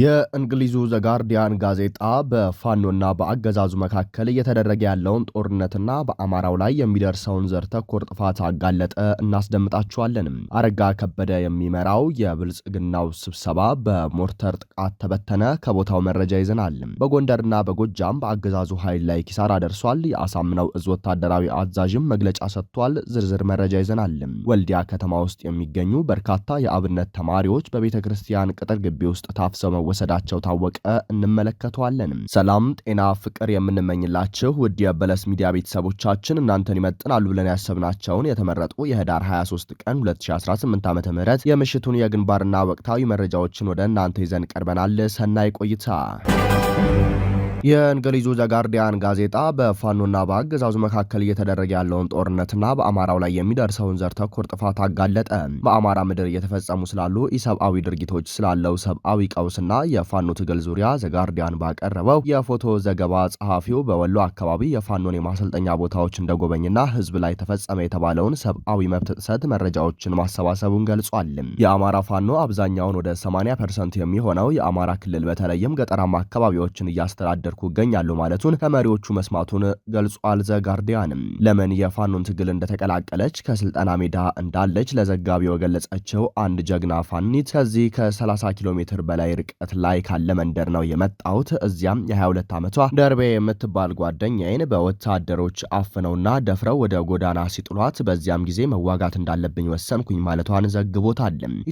የእንግሊዙ ዘጋርዲያን ጋዜጣ በፋኖና በአገዛዙ መካከል እየተደረገ ያለውን ጦርነትና በአማራው ላይ የሚደርሰውን ዘር ተኮር ጥፋት አጋለጠ። እናስደምጣችኋለንም። አረጋ ከበደ የሚመራው የብልጽግናው ስብሰባ በሞርተር ጥቃት ተበተነ። ከቦታው መረጃ ይዘናል። በጎንደርና በጎጃም በአገዛዙ ኃይል ላይ ኪሳራ ደርሷል። የአሳምነው እዝ ወታደራዊ አዛዥም መግለጫ ሰጥቷል። ዝርዝር መረጃ ይዘናል። ወልዲያ ከተማ ውስጥ የሚገኙ በርካታ የአብነት ተማሪዎች በቤተ ክርስቲያን ቅጥር ግቢ ውስጥ ታፍሰው መወሰዳቸው ታወቀ። እንመለከተዋለንም። ሰላም፣ ጤና፣ ፍቅር የምንመኝላችሁ ውድ የበለስ ሚዲያ ቤተሰቦቻችን እናንተን ይመጥናሉ ብለን ያሰብናቸውን የተመረጡ የህዳር 23 ቀን 2018 ም የምሽቱን የግንባርና ወቅታዊ መረጃዎችን ወደ እናንተ ይዘን ቀርበናል። ሰናይ ቆይታ የእንግሊዙ ዘጋርዲያን ጋዜጣ በፋኖና በአገዛዙ መካከል እየተደረገ ያለውን ጦርነትና በአማራው ላይ የሚደርሰውን ዘር ተኮር ጥፋት አጋለጠ። በአማራ ምድር እየተፈጸሙ ስላሉ ኢሰብአዊ ድርጊቶች፣ ስላለው ሰብአዊ ቀውስና የፋኖ ትግል ዙሪያ ዘጋርዲያን ባቀረበው የፎቶ ዘገባ ጸሐፊው በወሎ አካባቢ የፋኖን የማሰልጠኛ ቦታዎች እንደጎበኝና ህዝብ ላይ ተፈጸመ የተባለውን ሰብአዊ መብት ጥሰት መረጃዎችን ማሰባሰቡን ገልጿል። የአማራ ፋኖ አብዛኛውን ወደ 80 ፐርሰንት የሚሆነው የአማራ ክልል በተለይም ገጠራማ አካባቢዎችን እያስተዳደር እያደረግኩ ይገኛሉ ማለቱን ከመሪዎቹ መስማቱን ገልጿል። ዘጋርዲያንም ለምን የፋኖን ትግል እንደተቀላቀለች ከስልጠና ሜዳ እንዳለች ለዘጋቢው የገለጸችው አንድ ጀግና ፋኒት ከዚህ ከ30 ኪሎ ሜትር በላይ ርቀት ላይ ካለ መንደር ነው የመጣሁት። እዚያም የ22 ዓመቷ ደርቤ የምትባል ጓደኛዬን በወታደሮች አፍነውና ደፍረው ወደ ጎዳና ሲጥሏት በዚያም ጊዜ መዋጋት እንዳለብኝ ወሰንኩኝ ማለቷን ዘግቦታል።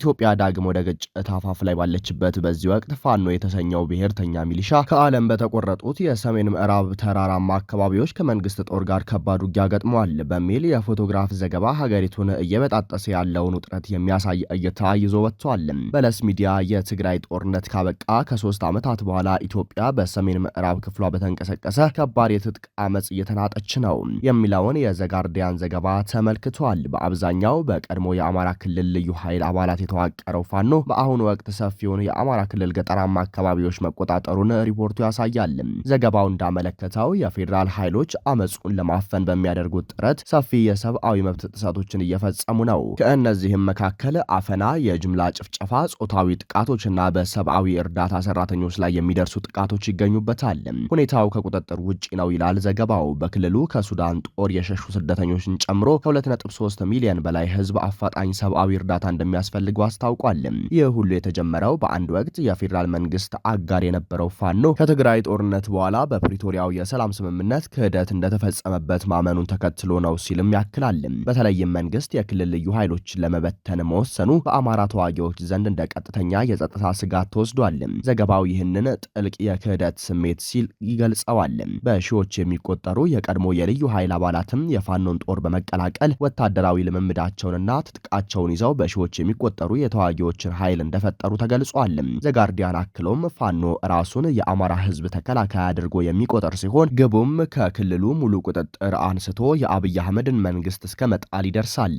ኢትዮጵያ ዳግም ወደ ግጭት አፋፍ ላይ ባለችበት በዚህ ወቅት ፋኖ የተሰኘው ብሔርተኛ ሚሊሻ ከዓለም በተቆረ የተመረጡት የሰሜን ምዕራብ ተራራማ አካባቢዎች ከመንግስት ጦር ጋር ከባድ ውጊያ ገጥመዋል በሚል የፎቶግራፍ ዘገባ ሀገሪቱን እየበጣጠሰ ያለውን ውጥረት የሚያሳይ እይታ ይዞ ወጥቷል። በለስ ሚዲያ የትግራይ ጦርነት ካበቃ ከሶስት ዓመታት በኋላ ኢትዮጵያ በሰሜን ምዕራብ ክፍሏ በተንቀሳቀሰ ከባድ የትጥቅ አመፅ እየተናጠች ነው የሚለውን የዘጋርዲያን ዘገባ ተመልክቷል። በአብዛኛው በቀድሞ የአማራ ክልል ልዩ ኃይል አባላት የተዋቀረው ፋኖ በአሁኑ ወቅት ሰፊውን የአማራ ክልል ገጠራማ አካባቢዎች መቆጣጠሩን ሪፖርቱ ያሳያል። ተናግረዋል። ዘገባው እንዳመለከተው የፌዴራል ኃይሎች አመፁን ለማፈን በሚያደርጉት ጥረት ሰፊ የሰብአዊ መብት ጥሰቶችን እየፈጸሙ ነው። ከእነዚህም መካከል አፈና፣ የጅምላ ጭፍጨፋ፣ ጾታዊ ጥቃቶች እና በሰብአዊ እርዳታ ሰራተኞች ላይ የሚደርሱ ጥቃቶች ይገኙበታል። ሁኔታው ከቁጥጥር ውጭ ነው ይላል ዘገባው። በክልሉ ከሱዳን ጦር የሸሹ ስደተኞችን ጨምሮ ከ2.3 ሚሊዮን በላይ ህዝብ አፋጣኝ ሰብአዊ እርዳታ እንደሚያስፈልገው አስታውቋል። ይህ ሁሉ የተጀመረው በአንድ ወቅት የፌዴራል መንግስት አጋር የነበረው ፋኖ ከትግራይ ጦር ጦርነት በኋላ በፕሪቶሪያው የሰላም ስምምነት ክህደት እንደተፈጸመበት ማመኑን ተከትሎ ነው ሲልም ያክላል። በተለይም መንግስት የክልል ልዩ ኃይሎችን ለመበተን መወሰኑ በአማራ ተዋጊዎች ዘንድ እንደ ቀጥተኛ የጸጥታ ስጋት ተወስዷል። ዘገባው ይህንን ጥልቅ የክህደት ስሜት ሲል ይገልጸዋል። በሺዎች የሚቆጠሩ የቀድሞ የልዩ ኃይል አባላትም የፋኖን ጦር በመቀላቀል ወታደራዊ ልምምዳቸውንና ትጥቃቸውን ይዘው በሺዎች የሚቆጠሩ የተዋጊዎችን ኃይል እንደፈጠሩ ተገልጿል። ዘጋርዲያን አክሎም ፋኖ ራሱን የአማራ ህዝብ ተከ መከላከያ አድርጎ የሚቆጠር ሲሆን ግቡም ከክልሉ ሙሉ ቁጥጥር አንስቶ የአብይ አህመድን መንግስት እስከ መጣል ይደርሳል።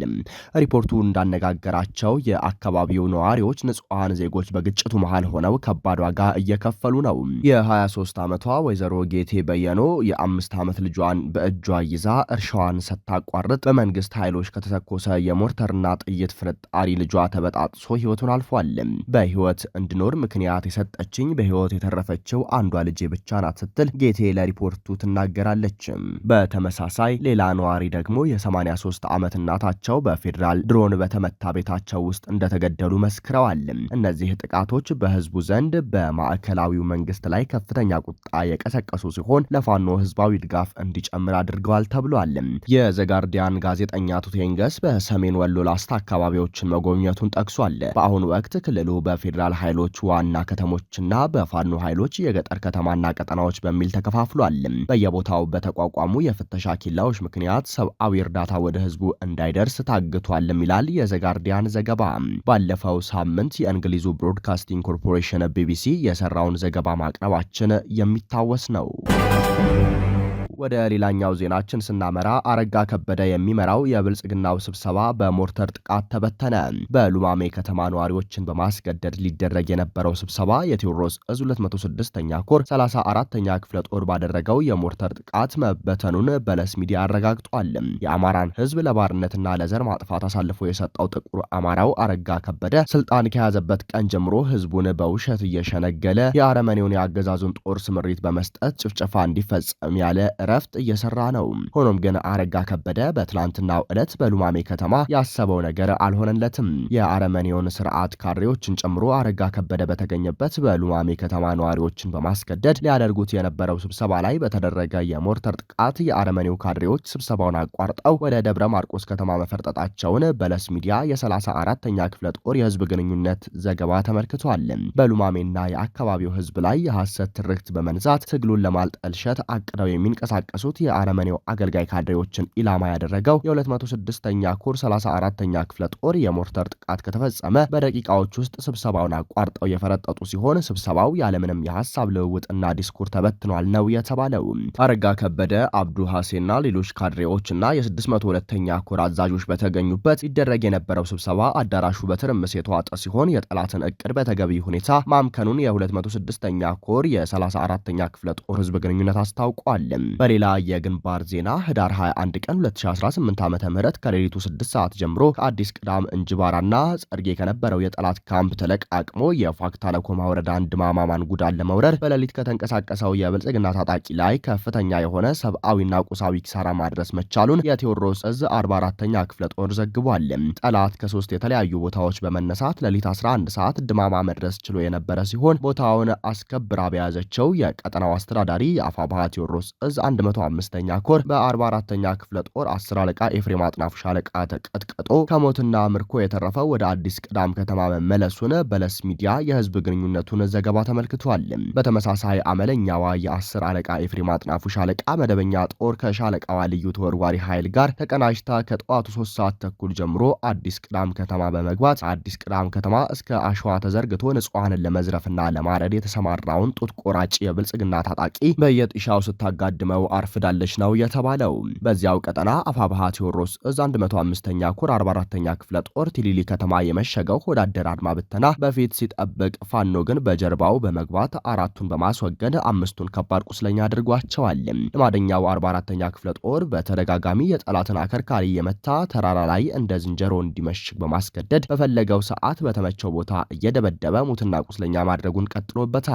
ሪፖርቱ እንዳነጋገራቸው የአካባቢው ነዋሪዎች ንጹሐን ዜጎች በግጭቱ መሃል ሆነው ከባድ ዋጋ እየከፈሉ ነው። የ23 ዓመቷ ወይዘሮ ጌቴ በየኖ የአምስት ዓመት ልጇን በእጇ ይዛ እርሻዋን ስታቋርጥ በመንግስት ኃይሎች ከተተኮሰ የሞርተርና ጥይት ፍንጣሪ ልጇ ተበጣጥሶ ህይወቱን አልፏል። በህይወት እንድኖር ምክንያት የሰጠችኝ በህይወት የተረፈችው አንዷ ልጄ ብቻ ብቻ ናት ስትል ጌቴ ለሪፖርቱ ትናገራለች። በተመሳሳይ ሌላ ነዋሪ ደግሞ የ83 ዓመት እናታቸው በፌዴራል ድሮን በተመታ ቤታቸው ውስጥ እንደተገደሉ መስክረዋል። እነዚህ ጥቃቶች በህዝቡ ዘንድ በማዕከላዊው መንግስት ላይ ከፍተኛ ቁጣ የቀሰቀሱ ሲሆን ለፋኖ ህዝባዊ ድጋፍ እንዲጨምር አድርገዋል ተብሏል። የዘጋርዲያን ጋዜጠኛ ቱቴንገስ በሰሜን ወሎ ላስታ አካባቢዎችን መጎብኘቱን ጠቅሷል። በአሁኑ ወቅት ክልሉ በፌዴራል ኃይሎች ዋና ከተሞችና በፋኖ ኃይሎች የገጠር ከተማና ቀጠናዎች በሚል ተከፋፍሏል። በየቦታው በተቋቋሙ የፍተሻ ኪላዎች ምክንያት ሰብአዊ እርዳታ ወደ ህዝቡ እንዳይደርስ ታግቷልም ይላል የዘጋርዲያን ዘገባ። ባለፈው ሳምንት የእንግሊዙ ብሮድካስቲንግ ኮርፖሬሽን ቢቢሲ የሰራውን ዘገባ ማቅረባችን የሚታወስ ነው። ወደ ሌላኛው ዜናችን ስናመራ አረጋ ከበደ የሚመራው የብልጽግናው ስብሰባ በሞርተር ጥቃት ተበተነ። በሉማሜ ከተማ ነዋሪዎችን በማስገደድ ሊደረግ የነበረው ስብሰባ የቴዎድሮስ እዝ 26 ኛ ኮር 34ኛ ክፍለ ጦር ባደረገው የሞርተር ጥቃት መበተኑን በለስ ሚዲያ አረጋግጧል። የአማራን ሕዝብ ለባርነትና ለዘር ማጥፋት አሳልፎ የሰጠው ጥቁር አማራው አረጋ ከበደ ስልጣን ከያዘበት ቀን ጀምሮ ሕዝቡን በውሸት እየሸነገለ የአረመኔውን የአገዛዙን ጦር ስምሪት በመስጠት ጭፍጨፋ እንዲፈጸም ያለ እረ ለማረፍት እየሰራ ነው። ሆኖም ግን አረጋ ከበደ በትላንትናው ዕለት በሉማሜ ከተማ ያሰበው ነገር አልሆነለትም። የአረመኔውን ስርዓት ካድሬዎችን ጨምሮ አረጋ ከበደ በተገኘበት በሉማሜ ከተማ ነዋሪዎችን በማስገደድ ሊያደርጉት የነበረው ስብሰባ ላይ በተደረገ የሞርተር ጥቃት የአረመኔው ካድሬዎች ስብሰባውን አቋርጠው ወደ ደብረ ማርቆስ ከተማ መፈርጠጣቸውን በለስ ሚዲያ የ34ኛ ክፍለ ጦር የህዝብ ግንኙነት ዘገባ ተመልክቷል። በሉማሜና የአካባቢው ህዝብ ላይ የሐሰት ትርክት በመንዛት ትግሉን ለማልጠልሸት አቅደው የሚንቀሳ የተንቀሳቀሱት የአረመኔው አገልጋይ ካድሬዎችን ኢላማ ያደረገው የ206ኛ ኮር 34 ተኛ ክፍለ ጦር የሞርተር ጥቃት ከተፈጸመ በደቂቃዎች ውስጥ ስብሰባውን አቋርጠው የፈረጠጡ ሲሆን ስብሰባው ያለምንም የሀሳብ ልውውጥና ዲስኩር ተበትኗል ነው የተባለው። አረጋ ከበደ፣ አብዱ ሐሴና ሌሎች ካድሬዎችና የ602ኛ ኮር አዛዦች በተገኙበት ይደረግ የነበረው ስብሰባ አዳራሹ በትርምስ የተዋጠ ሲሆን የጠላትን እቅድ በተገቢ ሁኔታ ማምከኑን የ206ኛ ኮር የ34ኛ ክፍለ ጦር ህዝብ ግንኙነት አስታውቋል። በሌላ የግንባር ዜና ህዳር 21 ቀን 2018 ዓ ም ከሌሊቱ 6 ሰዓት ጀምሮ ከአዲስ ቅዳም እንጅባራና ጸርጌ ከነበረው የጠላት ካምፕ ተለቃቅሞ የፋክታ ለኮማ ወረዳን ድማማ ማንጉዳን ለመውረር በሌሊት ከተንቀሳቀሰው የብልጽግና ታጣቂ ላይ ከፍተኛ የሆነ ሰብአዊና ቁሳዊ ኪሳራ ማድረስ መቻሉን የቴዎድሮስ እዝ 44ኛ ክፍለ ጦር ዘግቧል። ጠላት ከሶስት የተለያዩ ቦታዎች በመነሳት ሌሊት 11 ሰዓት ድማማ መድረስ ችሎ የነበረ ሲሆን ቦታውን አስከብራ በያዘቸው የቀጠናው አስተዳዳሪ የአፋ ባህ ቴዎድሮስ እዝ 105ኛ ኮር በ44ኛ ክፍለ ጦር 10 አለቃ ኤፍሬም አጥናፉ ሻለቃ ተቀጥቀጦ ከሞትና ምርኮ የተረፈው ወደ አዲስ ቅዳም ከተማ መመለሱን በለስ ሚዲያ የህዝብ ግንኙነቱን ዘገባ ተመልክቷል። በተመሳሳይ አመለኛዋ የ10 አለቃ ኤፍሬም አጥናፉ ሻለቃ መደበኛ ጦር ከሻለቃዋ ልዩ ተወርዋሪ ኃይል ጋር ተቀናጅታ ከጠዋቱ 3 ሰዓት ተኩል ጀምሮ አዲስ ቅዳም ከተማ በመግባት አዲስ ቅዳም ከተማ እስከ አሸዋ ተዘርግቶ ንጹሐንን ለመዝረፍና ለማረድ የተሰማራውን ጡት ቆራጭ የብልጽግና ታጣቂ በየጥሻው ስታጋድመው ወዲያው አርፍዳለች ነው የተባለው። በዚያው ቀጠና አፋብሃ ቴዎድሮስ እዝ 105ኛ ኩር 44ኛ ክፍለ ጦር ቲሊሊ ከተማ የመሸገው ወዳደር አድማ ብተና በፊት ሲጠብቅ፣ ፋኖ ግን በጀርባው በመግባት አራቱን በማስወገድ አምስቱን ከባድ ቁስለኛ አድርጓቸዋል። ልማደኛው 44ኛ ክፍለ ጦር በተደጋጋሚ የጠላትን አከርካሪ የመታ ተራራ ላይ እንደ ዝንጀሮ እንዲመሽግ በማስገደድ በፈለገው ሰዓት በተመቸው ቦታ እየደበደበ ሙትና ቁስለኛ ማድረጉን ቀጥሎበታል።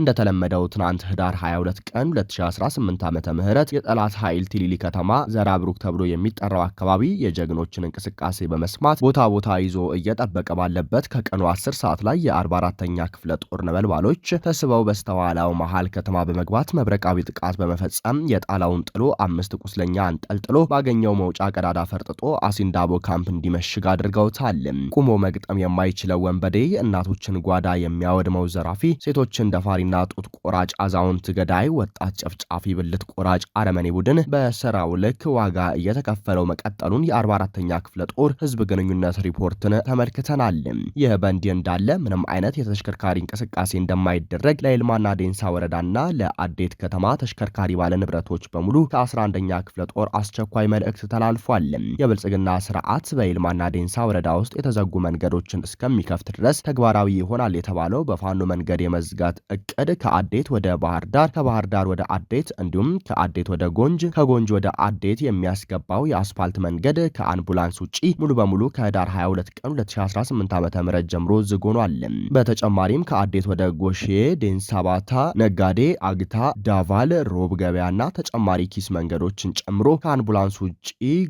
እንደተለመደው ትናንት ህዳር 22 ቀን 2018 ዓ ምህረት የጠላት ኃይል ቲሊሊ ከተማ ዘራብሩክ ተብሎ የሚጠራው አካባቢ የጀግኖችን እንቅስቃሴ በመስማት ቦታ ቦታ ይዞ እየጠበቀ ባለበት ከቀኑ 10 ሰዓት ላይ የ44ተኛ ክፍለ ጦር ነበልባሎች ተስበው በስተኋላው መሃል ከተማ በመግባት መብረቃዊ ጥቃት በመፈጸም የጣላውን ጥሎ አምስት ቁስለኛ አንጠልጥሎ ባገኘው መውጫ ቀዳዳ ፈርጥጦ አሲንዳቦ ካምፕ እንዲመሽግ አድርገውታል። ቁሞ መግጠም የማይችለው ወንበዴ፣ እናቶችን ጓዳ የሚያወድመው ዘራፊ፣ ሴቶችን ደፋሪና ጡት ቆራጭ፣ አዛውንት ገዳይ፣ ወጣት ጨፍጫፊ ብልት ቆራጭ አረመኔ ቡድን በስራው ልክ ዋጋ እየተከፈለው መቀጠሉን የ44ኛ ክፍለ ጦር ህዝብ ግንኙነት ሪፖርትን ተመልክተናል። ይህ በእንዲህ እንዳለ ምንም አይነት የተሽከርካሪ እንቅስቃሴ እንደማይደረግ ለይልማና ዴንሳ ወረዳና ለአዴት ከተማ ተሽከርካሪ ባለ ንብረቶች በሙሉ ከ11ኛ ክፍለ ጦር አስቸኳይ መልእክት ተላልፏል። የብልጽግና ስርዓት በይልማና ዴንሳ ወረዳ ውስጥ የተዘጉ መንገዶችን እስከሚከፍት ድረስ ተግባራዊ ይሆናል የተባለው በፋኖ መንገድ የመዝጋት እቅድ ከአዴት ወደ ባህር ዳር፣ ከባህር ዳር ወደ አዴት እንዲሁም ከአዴት ወደ ጎንጅ፣ ከጎንጅ ወደ አዴት የሚያስገባው የአስፋልት መንገድ ከአምቡላንስ ውጪ ሙሉ በሙሉ ከህዳር 22 ቀን 2018 ዓ ም ጀምሮ ዝግ ሆኗል። በተጨማሪም ከአዴት ወደ ጎሼ፣ ዴንሳባታ፣ ነጋዴ፣ አግታ፣ ዳቫል፣ ሮብ ገበያና ተጨማሪ ኪስ መንገዶችን ጨምሮ ከአምቡላንስ ውጪ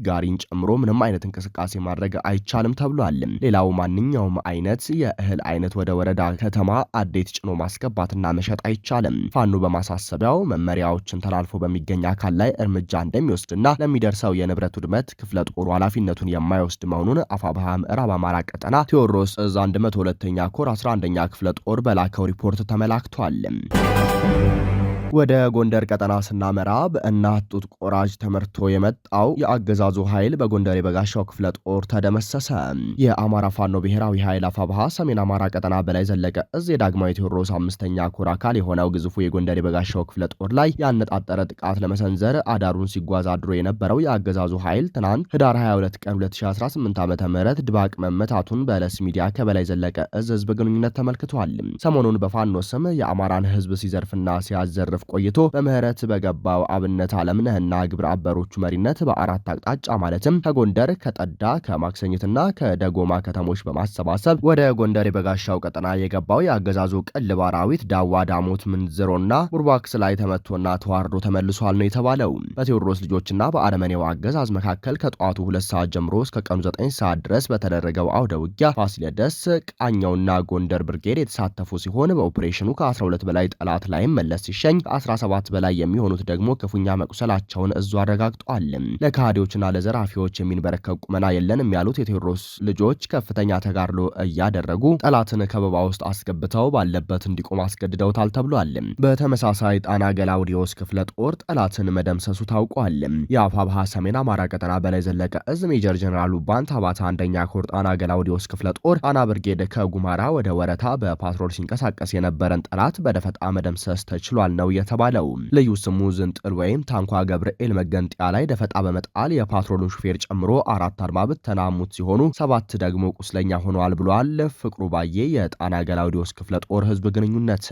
ጋሪን ጨምሮ ምንም አይነት እንቅስቃሴ ማድረግ አይቻልም ተብሏል። ሌላው ማንኛውም አይነት የእህል አይነት ወደ ወረዳ ከተማ አዴት ጭኖ ማስገባትና መሸጥ አይቻልም። ፋኖ በማሳሰቢያው መመሪያዎችን ተላልፎ በ በሚገኝ አካል ላይ እርምጃ እንደሚወስድና ለሚደርሰው የንብረት ውድመት ክፍለ ጦሩ ኃላፊነቱን የማይወስድ መሆኑን አፋብሃ ምዕራብ አማራ ቀጠና ቴዎድሮስ እዝ 102ኛ ኮር 11ኛ ክፍለ ጦር በላከው ሪፖርት ተመላክቷል። ወደ ጎንደር ቀጠና ስናመራ በእናት ጡት ቆራጅ ተመርቶ የመጣው የአገዛዙ ኃይል በጎንደር የበጋሻው ክፍለ ጦር ተደመሰሰ። የአማራ ፋኖ ብሔራዊ ኃይል አፋብሃ ሰሜን አማራ ቀጠና በላይ ዘለቀ እዝ የዳግማዊ ቴዎድሮስ አምስተኛ ኮር አካል የሆነው ግዙፉ የጎንደር የበጋሻው ክፍለ ጦር ላይ ያነጣጠረ ጥቃት ለመሰንዘር አዳሩን ሲጓዝ አድሮ የነበረው የአገዛዙ ኃይል ትናንት ህዳር 22 ቀን 2018 ዓ ም ድባቅ መመታቱን በለስ ሚዲያ ከበላይ ዘለቀ እዝ ህዝብ ግንኙነት ተመልክቷል። ሰሞኑን በፋኖ ስም የአማራን ህዝብ ሲዘርፍና ሲያዘርፍ ሲያሳልፍ ቆይቶ በምህረት በገባው አብነት አለምነህና ግብረ አበሮቹ መሪነት በአራት አቅጣጫ ማለትም ከጎንደር፣ ከጠዳ፣ ከማክሰኝትና ከደጎማ ከተሞች በማሰባሰብ ወደ ጎንደር የበጋሻው ቀጠና የገባው የአገዛዙ ቅልብ አራዊት ዳዋ፣ ዳሞት፣ ምንዝሮና ቡርባክስ ላይ ተመቶና ተዋርዶ ተመልሷል ነው የተባለው። በቴዎድሮስ ልጆችና በአረመኔው አገዛዝ መካከል ከጠዋቱ ሁለት ሰዓት ጀምሮ እስከ ቀኑ ዘጠኝ ሰዓት ድረስ በተደረገው አውደ ውጊያ ፋሲለደስ ቃኛውና ጎንደር ብርጌድ የተሳተፉ ሲሆን በኦፕሬሽኑ ከ12 በላይ ጠላት ላይም መለስ ሲሸኝ 17 በላይ የሚሆኑት ደግሞ ክፉኛ መቁሰላቸውን እዙ አረጋግጧል። ለካሃዲዎችና ለዘራፊዎች የሚንበረከብ ቁመና የለንም ያሉት የቴዎድሮስ ልጆች ከፍተኛ ተጋድሎ እያደረጉ ጠላትን ከበባ ውስጥ አስገብተው ባለበት እንዲቆም አስገድደውታል ተብሏል። በተመሳሳይ ጣና ገላውዲዮስ ክፍለ ጦር ጠላትን መደምሰሱ ታውቋል። የአፋብሃ ሰሜን አማራ ቀጠና በላይ ዘለቀ እዝ ሜጀር ጀኔራሉ ባንት አባታ አንደኛ ኮር ጣና ገላውዲዮስ ክፍለ ጦር ጣና ብርጌድ ከጉማራ ወደ ወረታ በፓትሮል ሲንቀሳቀስ የነበረን ጠላት በደፈጣ መደምሰስ ተችሏል ነው የተባለው። ልዩ ስሙ ዝንጥል ወይም ታንኳ ገብርኤል መገንጠያ ላይ ደፈጣ በመጣል የፓትሮሉን ሹፌር ጨምሮ አራት አድማ ብተና ሙት ሲሆኑ ሰባት ደግሞ ቁስለኛ ሆነዋል ብሏል። ፍቅሩ ባዬ የጣና ገላውዲዮስ ክፍለ ጦር ህዝብ ግንኙነት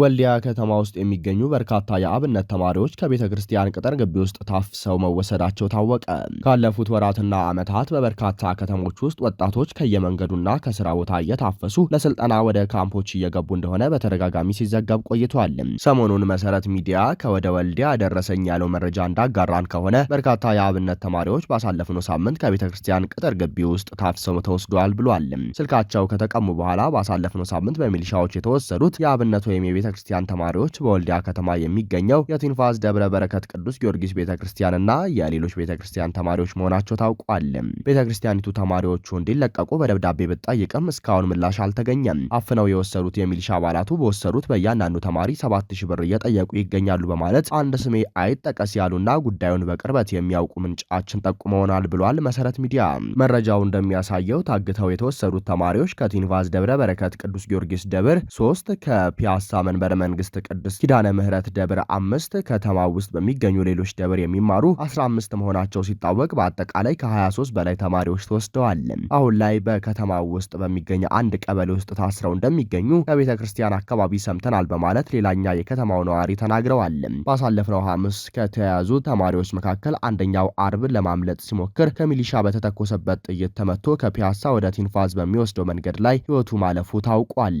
ወልዲያ ከተማ ውስጥ የሚገኙ በርካታ የአብነት ተማሪዎች ከቤተ ክርስቲያን ቅጥር ግቢ ውስጥ ታፍሰው መወሰዳቸው ታወቀ። ካለፉት ወራትና ዓመታት በበርካታ ከተሞች ውስጥ ወጣቶች ከየመንገዱና ከስራ ቦታ እየታፈሱ ለስልጠና ወደ ካምፖች እየገቡ እንደሆነ በተደጋጋሚ ሲዘገብ ቆይቷል። ሰሞኑን መሰረት ሚዲያ ከወደ ወልዲያ ደረሰኝ ያለው መረጃ እንዳጋራን ከሆነ በርካታ የአብነት ተማሪዎች ባሳለፍነው ሳምንት ከቤተ ክርስቲያን ቅጥር ግቢ ውስጥ ታፍሰው ተወስደዋል ብሏል። ስልካቸው ከተቀሙ በኋላ ባሳለፍነው ሳምንት በሚሊሻዎች የተወሰዱት የአብነት ወይም ቤተ ክርስቲያን ተማሪዎች በወልዲያ ከተማ የሚገኘው የቲንፋዝ ደብረ በረከት ቅዱስ ጊዮርጊስ ቤተ ክርስቲያንና የሌሎች ቤተ ክርስቲያን ተማሪዎች መሆናቸው ታውቋል። ቤተ ክርስቲያኒቱ ተማሪዎቹ እንዲለቀቁ በደብዳቤ ብትጠይቅም እስካሁን ምላሽ አልተገኘም። አፍነው የወሰዱት የሚሊሻ አባላቱ በወሰዱት በእያንዳንዱ ተማሪ 7000 ብር እየጠየቁ ይገኛሉ በማለት አንድ ስሜ አይጠቀስ ያሉና ጉዳዩን በቅርበት የሚያውቁ ምንጫችን ጠቁመውናል ብሏል መሰረት ሚዲያ። መረጃው እንደሚያሳየው ታግተው የተወሰዱት ተማሪዎች ከቲንቫዝ ደብረ በረከት ቅዱስ ጊዮርጊስ ደብር ሶስት ከፒያሳ መንበረ መንግስት ቅድስት ኪዳነ ምህረት ደብር አምስት ከተማ ውስጥ በሚገኙ ሌሎች ደብር የሚማሩ 15 መሆናቸው ሲታወቅ በአጠቃላይ ከ23 በላይ ተማሪዎች ተወስደዋል። አሁን ላይ በከተማ ውስጥ በሚገኝ አንድ ቀበሌ ውስጥ ታስረው እንደሚገኙ ከቤተ ክርስቲያን አካባቢ ሰምተናል በማለት ሌላኛ የከተማው ነዋሪ ተናግረዋል። ባሳለፍነው ሐሙስ ከተያዙ ተማሪዎች መካከል አንደኛው አርብ ለማምለጥ ሲሞክር ከሚሊሻ በተተኮሰበት ጥይት ተመቶ ከፒያሳ ወደ ቲንፋዝ በሚወስደው መንገድ ላይ ህይወቱ ማለፉ ታውቋል።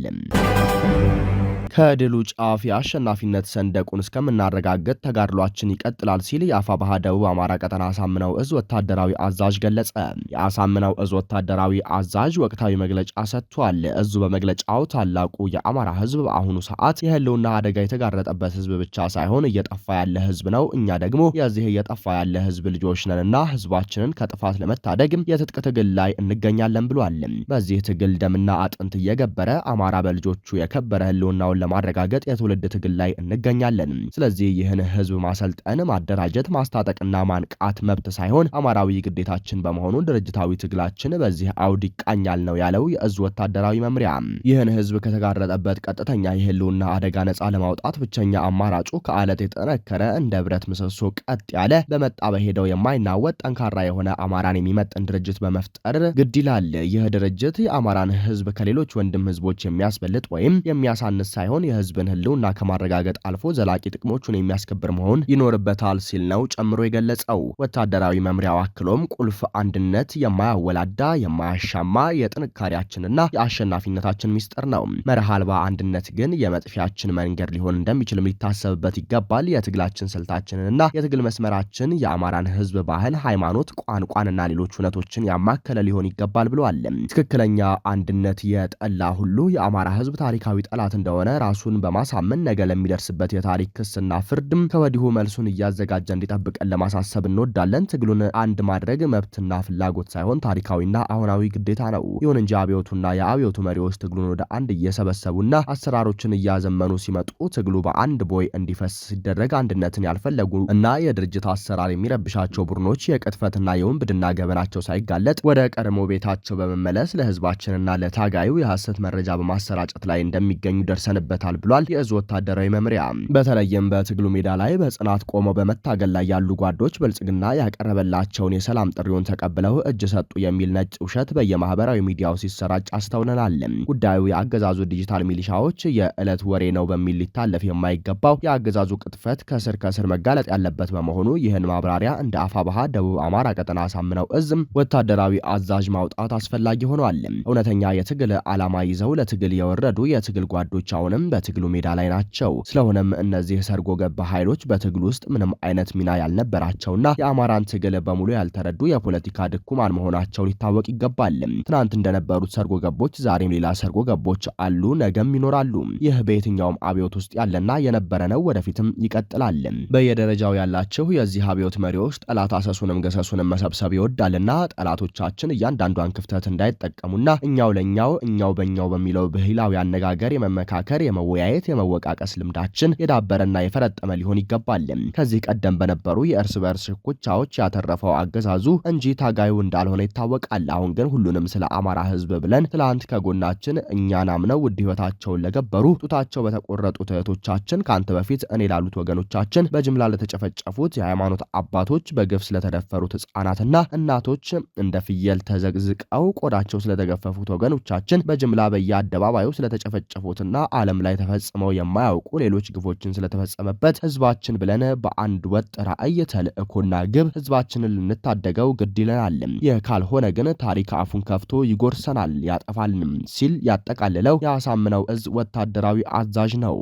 ከድሉ ጫፍ የአሸናፊነት ሰንደቁን እስከምናረጋግጥ ተጋድሏችን ይቀጥላል ሲል ባህር ደቡብ አማራ ቀጠና አሳምነው እዝ ወታደራዊ አዛዥ ገለጸ። የአሳምነው እዝ ወታደራዊ አዛዥ ወቅታዊ መግለጫ ሰጥቷል። እዙ በመግለጫው ታላቁ የአማራ ህዝብ በአሁኑ ሰዓት የህልውና አደጋ የተጋረጠበት ህዝብ ብቻ ሳይሆን እየጠፋ ያለ ህዝብ ነው። እኛ ደግሞ የዚህ እየጠፋ ያለ ህዝብ ልጆች ነንና ህዝባችንን ከጥፋት ለመታደግ የትጥቅ ትግል ላይ እንገኛለን ብሏል። በዚህ ትግል ደምና አጥንት እየገበረ አማራ በልጆቹ የከበረ ህልውናውን መሆኑን ለማረጋገጥ የትውልድ ትግል ላይ እንገኛለን። ስለዚህ ይህን ህዝብ ማሰልጠን፣ ማደራጀት፣ ማስታጠቅና ማንቃት መብት ሳይሆን አማራዊ ግዴታችን በመሆኑ ድርጅታዊ ትግላችን በዚህ አውድ ይቃኛል ነው ያለው የእዙ ወታደራዊ መምሪያ። ይህን ህዝብ ከተጋረጠበት ቀጥተኛ የህልውና አደጋ ነጻ ለማውጣት ብቸኛ አማራጩ ከአለት የጠነከረ እንደ ብረት ምሰሶ ቀጥ ያለ በመጣ በሄደው የማይናወጥ ጠንካራ የሆነ አማራን የሚመጥን ድርጅት በመፍጠር ግድ ይላል። ይህ ድርጅት የአማራን ህዝብ ከሌሎች ወንድም ህዝቦች የሚያስበልጥ ወይም የሚያሳንስ ሳይሆን ሳይሆን የህዝብን ህልውና ከማረጋገጥ አልፎ ዘላቂ ጥቅሞቹን የሚያስከብር መሆን ይኖርበታል ሲል ነው ጨምሮ የገለጸው። ወታደራዊ መምሪያው አክሎም ቁልፍ አንድነት የማያወላዳ የማያሻማ የጥንካሬያችንና የአሸናፊነታችን ሚስጥር ነው። መርህ አልባ አንድነት ግን የመጥፊያችን መንገድ ሊሆን እንደሚችል ሊታሰብበት ይገባል። የትግላችን ስልታችንንና የትግል መስመራችን የአማራን ህዝብ ባህል፣ ሃይማኖት፣ ቋንቋንና ሌሎች እውነቶችን ያማከለ ሊሆን ይገባል ብለዋል። ትክክለኛ አንድነት የጠላ ሁሉ የአማራ ህዝብ ታሪካዊ ጠላት እንደሆነ ራሱን በማሳመን ነገ ለሚደርስበት የታሪክ ክስና ፍርድም ከወዲሁ መልሱን እያዘጋጀ እንዲጠብቀን ለማሳሰብ እንወዳለን። ትግሉን አንድ ማድረግ መብትና ፍላጎት ሳይሆን ታሪካዊና አሁናዊ ግዴታ ነው። ይሁን እንጂ አብዮቱና የአብዮቱ መሪዎች ትግሉን ወደ አንድ እየሰበሰቡና አሰራሮችን እያዘመኑ ሲመጡ ትግሉ በአንድ ቦይ እንዲፈስ ሲደረግ አንድነትን ያልፈለጉ እና የድርጅት አሰራር የሚረብሻቸው ቡድኖች የቅጥፈትና የውንብድና ገበናቸው ሳይጋለጥ ወደ ቀድሞ ቤታቸው በመመለስ ለህዝባችንና ለታጋዩ የሐሰት መረጃ በማሰራጨት ላይ እንደሚገኙ ደርሰንበት ይገኝበታል ብሏል የእዙ ወታደራዊ መምሪያ። በተለይም በትግሉ ሜዳ ላይ በጽናት ቆመው በመታገል ላይ ያሉ ጓዶች ብልጽግና ያቀረበላቸውን የሰላም ጥሪውን ተቀብለው እጅ ሰጡ የሚል ነጭ ውሸት በየማህበራዊ ሚዲያው ሲሰራጭ አስተውለናል። ጉዳዩ የአገዛዙ ዲጂታል ሚሊሻዎች የዕለት ወሬ ነው በሚል ሊታለፍ የማይገባው የአገዛዙ ቅጥፈት ከስር ከስር መጋለጥ ያለበት በመሆኑ ይህን ማብራሪያ እንደ አፋባሃ ደቡብ አማራ ቀጠና ሳምነው እዝም ወታደራዊ አዛዥ ማውጣት አስፈላጊ ሆኗል። እውነተኛ የትግል ዓላማ ይዘው ለትግል የወረዱ የትግል ጓዶች አሁንም አሁንም በትግሉ ሜዳ ላይ ናቸው። ስለሆነም እነዚህ ሰርጎ ገባ ኃይሎች በትግሉ ውስጥ ምንም አይነት ሚና ያልነበራቸውና የአማራን ትግል በሙሉ ያልተረዱ የፖለቲካ ድኩማን መሆናቸው ሊታወቅ ይገባል። ትናንት እንደነበሩት ሰርጎ ገቦች ዛሬም ሌላ ሰርጎ ገቦች አሉ፣ ነገም ይኖራሉ። ይህ በየትኛውም አብዮት ውስጥ ያለና የነበረ ነው፣ ወደፊትም ይቀጥላል። በየደረጃው ያላችሁ የዚህ አብዮት መሪዎች ጠላት አሰሱንም ገሰሱንም መሰብሰብ ይወዳልና ጠላቶቻችን እያንዳንዷን ክፍተት እንዳይጠቀሙና እኛው ለእኛው እኛው በእኛው በሚለው ብሂላዊ አነጋገር የመመካከር የመወያየት የመወቃቀስ ልምዳችን የዳበረና የፈረጠመ ሊሆን ይገባል። ከዚህ ቀደም በነበሩ የእርስ በእርስ ሽኩቻዎች ያተረፈው አገዛዙ እንጂ ታጋዩ እንዳልሆነ ይታወቃል። አሁን ግን ሁሉንም ስለ አማራ ህዝብ ብለን ትላንት ከጎናችን እኛን አምነው ውድ ህይወታቸውን ለገበሩ ጡታቸው በተቆረጡት እህቶቻችን ከአንተ በፊት እኔ ላሉት ወገኖቻችን በጅምላ ለተጨፈጨፉት የሃይማኖት አባቶች በግፍ ስለተደፈሩት ህጻናትና እናቶች እንደ ፍየል ተዘግዝቀው ቆዳቸው ስለተገፈፉት ወገኖቻችን በጅምላ በየአደባባዩ ስለተጨፈጨፉትና አለ በዓለም ላይ ተፈጽመው የማያውቁ ሌሎች ግፎችን ስለተፈጸመበት ህዝባችን ብለን በአንድ ወጥ ራዕይ፣ ተልእኮና ግብ ህዝባችንን ልንታደገው ግድ ይለናል። ይህ ካልሆነ ግን ታሪክ አፉን ከፍቶ ይጎርሰናል፣ ያጠፋልንም ሲል ያጠቃልለው የአሳምነው እዝ ወታደራዊ አዛዥ ነው።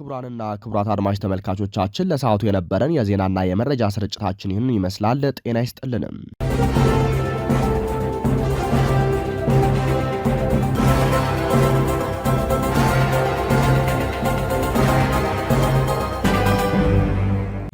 ክቡራንና ክቡራት አድማጭ ተመልካቾቻችን ለሰዓቱ የነበረን የዜናና የመረጃ ስርጭታችን ይህንን ይመስላል። ጤና ይስጥልንም።